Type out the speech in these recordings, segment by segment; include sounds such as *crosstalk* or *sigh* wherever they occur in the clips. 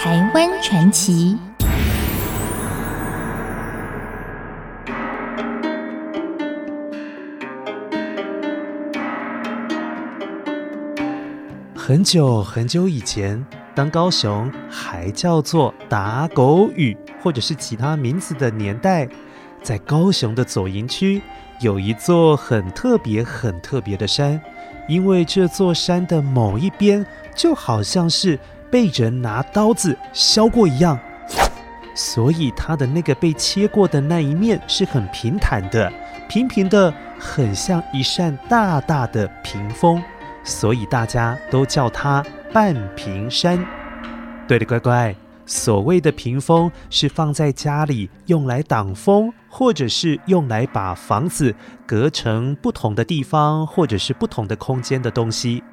台灣傳奇。很久很久以前，當高雄還叫做打狗嶼或者是其他名字的年代，在高雄的左營區有一座很特別、很特別的山，因為這座山的某一邊就好像是，被人拿刀子削過一樣，所以它的那個被切過的那一面是很平坦的，平平的，很像一扇大大的屏風，所以大家都叫它半屏山。對了，乖乖，所謂的屏風是放在家裡用來擋風，或者是用來把房子隔成不同的地方或者是不同的空間的東西。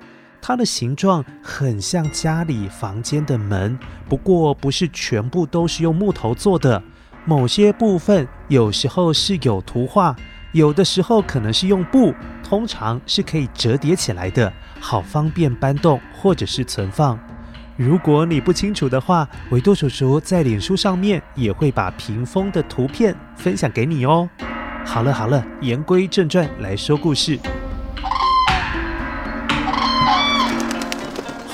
它的形狀很像家裡房間的門，不過不是全部都是用木頭做的，某些部分有時候是有圖畫，有的時候可能是用布，通常是可以折疊起來的，好方便搬動或者是存放。如果你不清楚的話，維多叔叔在臉書上面也會把屏風的圖片分享給你哦。好了好了，言歸正傳，來說故事。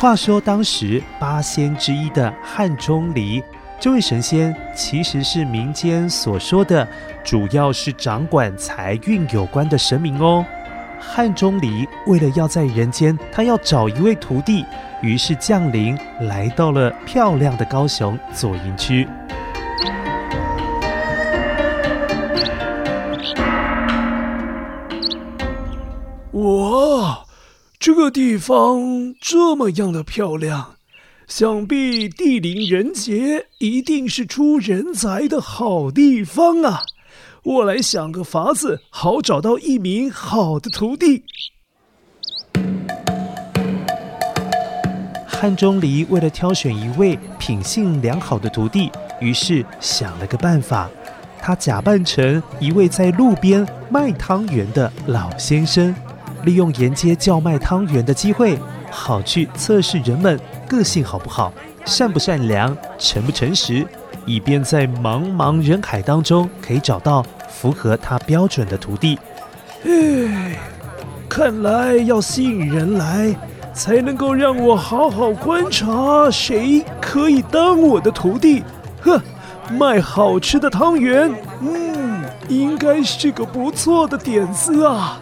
話說，當時八仙之一的漢鍾離，這位神仙其實是民間所說的，主要是掌管財運有關的神明哦。漢鍾離為了要在人間，他要找一位徒弟，於是降臨來到了漂亮的高雄左營區。哇！這個地方這麼樣的漂亮，想必地靈人傑，一定是出人才的好地方啊！我來想個法子，好找到一名好的徒弟。漢鍾離為了挑選一位品性良好的徒弟，於是想了個辦法，他假扮成一位在路邊賣湯圓的老先生。利用沿街叫賣湯圓的機會，好去測試人們個性好不好、善不善良、誠不誠實，以便在茫茫人海當中可以找到符合他標準的徒弟。唉，看來要吸引人來，才能夠讓我好好觀察誰可以當我的徒弟。呵，賣好吃的湯圓，嗯，應該是個不錯的點子啊。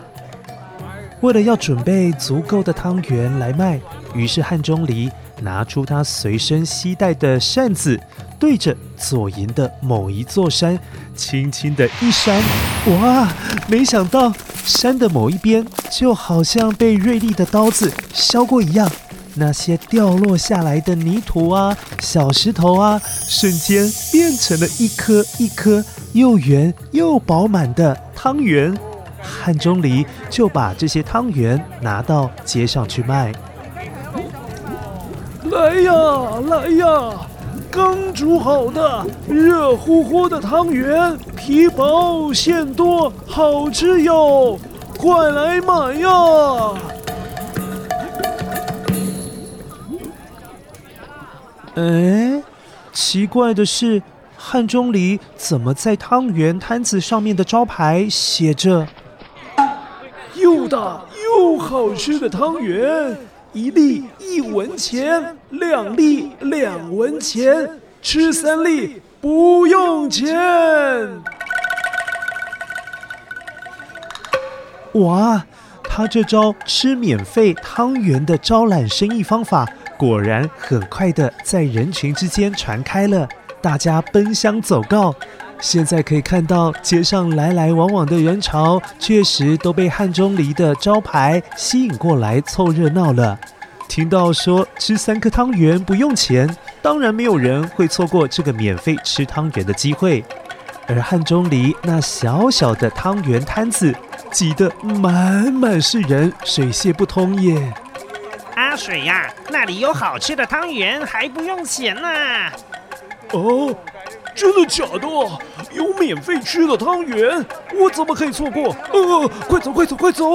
為了要準備足夠的湯圓來賣，於是漢鍾離拿出他隨身攜帶的扇子，對着左營的某一座山輕輕的一扇，哇！沒想到山的某一邊就好像被銳利的刀子削過一樣，那些掉落下來的泥土啊、小石頭啊，瞬間變成了一顆一顆又圓又飽滿的湯圓。漢鍾離就把這些湯圓拿到街上去賣。來呀，來呀！剛煮好的，熱乎乎的湯圓，皮薄餡多，好吃喲！快來買呀！哎，奇怪的是，漢鍾離怎麼在湯圓攤子上面的招牌寫着？又大又好吃的湯圓，一粒一文錢，兩粒兩文錢，吃三粒不用錢。哇，他這招吃免費湯圓的招攬生意方法，果然很快的在人群之間傳開了，大家奔相走告。現在可以看到街上來來往往的人潮，確實都被漢鍾離的招牌吸引過來湊熱鬧了。聽到說吃三顆湯圓不用錢，當然沒有人會錯過這個免費吃湯圓的機會。而漢鍾離那小小的湯圓攤子擠得滿滿是人，水洩不通耶！阿、啊、水呀、啊，那裡有好吃的湯圓，還不用錢呢、啊！哦。真的假的？有免費吃的湯圓，我怎麼可以錯過？呃，快走快走快走！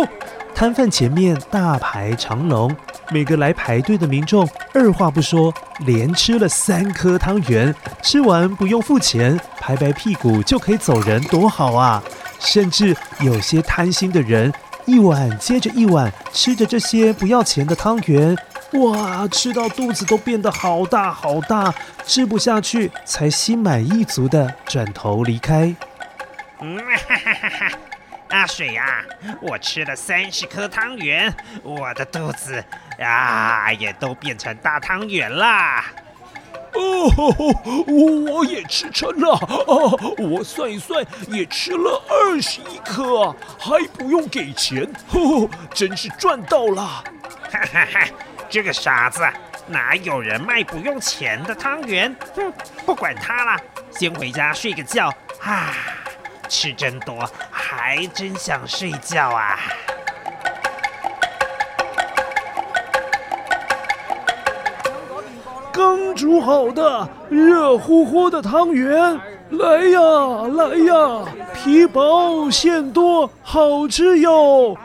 攤販前面大排長龍，每個來排隊的民眾二話不說，連吃了三顆湯圓，吃完不用付錢，拍拍屁股就可以走人，多好啊！甚至有些貪心的人，一碗接着一碗吃着這些不要錢的湯圓。哇，吃到肚子都變得好大好大，吃不下去，才心滿意足的轉頭離開。嗯，哈哈哈哈，阿、啊、水呀啊，我吃了三十顆湯圓，我的肚子啊，也都變成大湯圓啦。哦，我也吃撐了啊，我算一算，也吃了二十一顆，還不用給錢，真是賺到了。 *laughs* 這個傻子，哪有人賣不用錢的湯圓？哼，不管他了，先回家睡個覺。啊，吃真多，還真想睡覺啊！剛煮好的熱乎乎的湯圓，來呀來呀，皮薄餡多，好吃喲！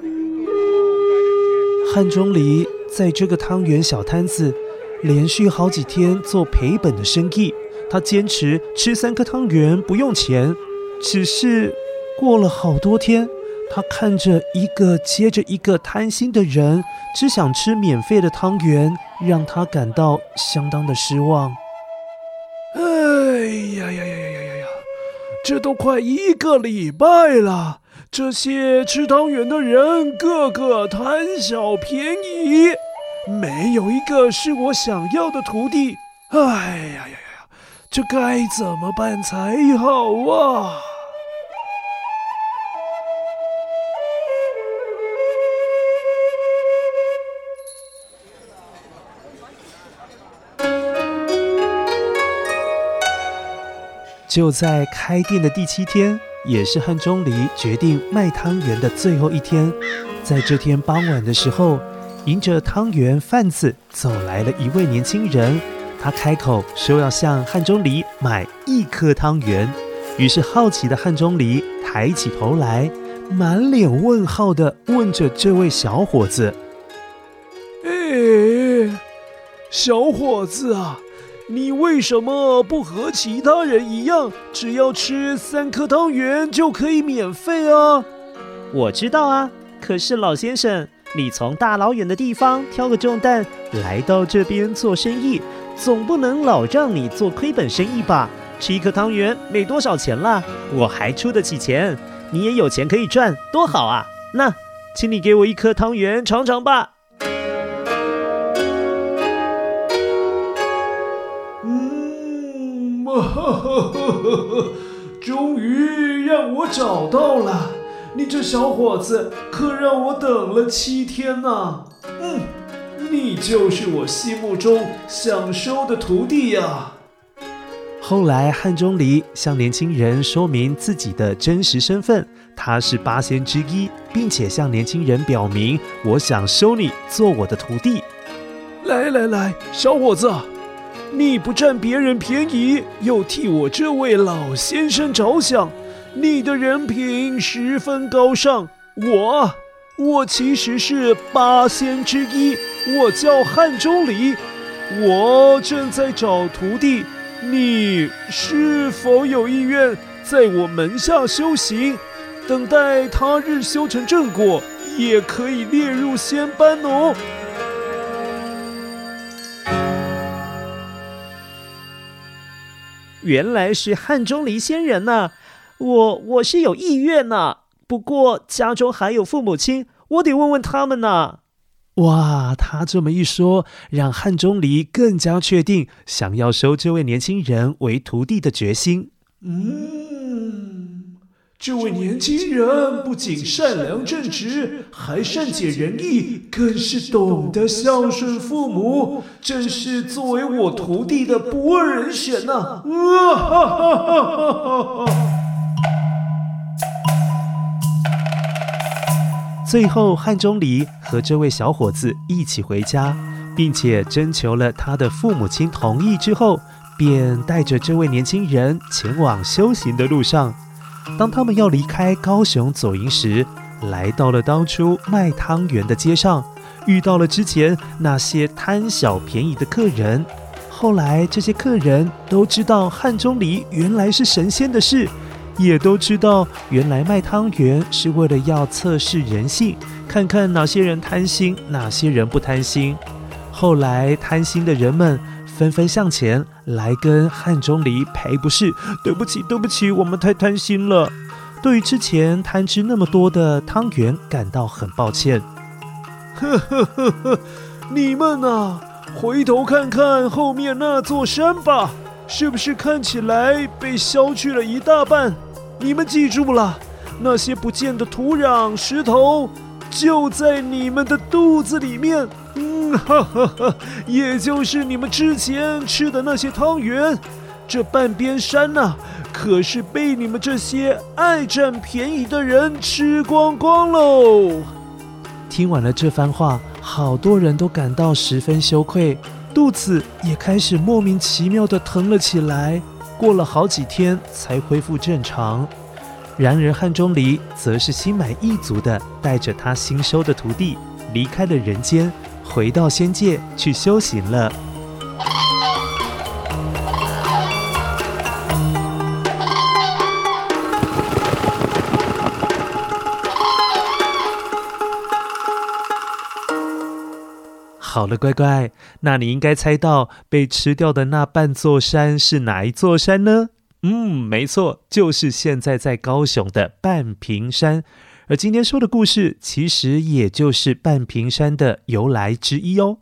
嗯、漢鍾離。在這個湯圓小攤子，連續好幾天做賠本的生意。他堅持吃三顆湯圓不用錢，只是過了好多天，他看着一個接着一個貪心的人，只想吃免費的湯圓，讓他感到相當的失望。哎呀呀呀呀呀呀！這都快一個禮拜了，這些吃湯圓的人個個貪小便宜。沒有一個是我想要的徒弟。哎呀呀呀，這該怎麼辦才好啊！就在開店的第七天，也是漢鍾離決定賣湯圓的最後一天，在這天傍晚的時候。迎着湯圓販子走來了一位年輕人，他開口說要向漢鍾離買一顆湯圓。於是好奇的漢鍾離抬起頭來，滿臉問號地問着這位小夥子：“哎，小夥子啊，你為什麼不和其他人一樣，只要吃三顆湯圓就可以免費啊？我知道啊，可是老先生。”你從大老遠的地方挑個重擔來到這邊做生意，總不能老讓你做虧本生意吧？吃一顆湯圓沒多少錢啦，我還出得起錢，你也有錢可以賺，多好啊！那，請你給我一顆湯圓嚐嚐吧。嗯，哈哈哈，終於讓我找到了。你這小伙子可讓我等了七天吶！嗯，你就是我心目中想收的徒弟呀。後來，漢鍾離向年輕人說明自己的真實身份，他是八仙之一，並且向年輕人表明，我想收你做我的徒弟。來來來，小伙子，你不占別人便宜，又替我這位老先生着想。你的人品十分高尚，我我其實是八仙之一，我叫漢鍾離，我正在找徒弟，你是否有意願在我門下修行？等待他日修成正果，也可以列入仙班哦。原來是漢鍾離仙人吶啊。我我是有意願呢、啊。不過家中還有父母親，我得問問他們吶、啊。哇，他這麼一說，讓漢鍾離更加確定想要收這位年輕人為徒弟的決心。嗯，這位年輕人不僅善良正直，還善解人意，更是懂得孝順父母，真是作為我徒弟的不二人選呢、啊。啊哈，哈哈哈哈哈。最後，漢鍾離和這位小夥子一起回家，並且徵求了他的父母親同意之後，便帶着這位年輕人前往修行的路上。當他們要離開高雄左營時，來到了當初賣湯圓的街上，遇到了之前那些貪小便宜的客人。後來，這些客人都知道漢鍾離原來是神仙的事。也都知道，原來賣湯圓是為了要測試人性，看看哪些人貪心，哪些人不貪心。後來貪心的人們紛紛向前來跟漢鍾離賠不是，對不起，對不起，我們太貪心了，對於之前貪吃那麼多的湯圓感到很抱歉。呵呵呵呵，你們啊，回頭看看後面那座山吧。是不是看起來被削去了一大半？你們記住了，那些不見的土壤、石頭，就在你們的肚子裡面。嗯，哈哈哈，也就是你們之前吃的那些湯圓。這半邊山吶，可是被你們這些愛占便宜的人吃光光嘍。聽完了這番話，好多人都感到十分羞愧。肚子也開始莫名其妙地疼了起來，過了好幾天才恢復正常。然而，漢鍾離則是心滿意足地帶着他新收的徒弟離開了人間，回到仙界去修行了。好了，乖乖，那你應該猜到被吃掉的那半座山是哪一座山呢？嗯，沒錯，就是現在在高雄的半屏山。而今天說的故事，其實也就是半屏山的由來之一哦。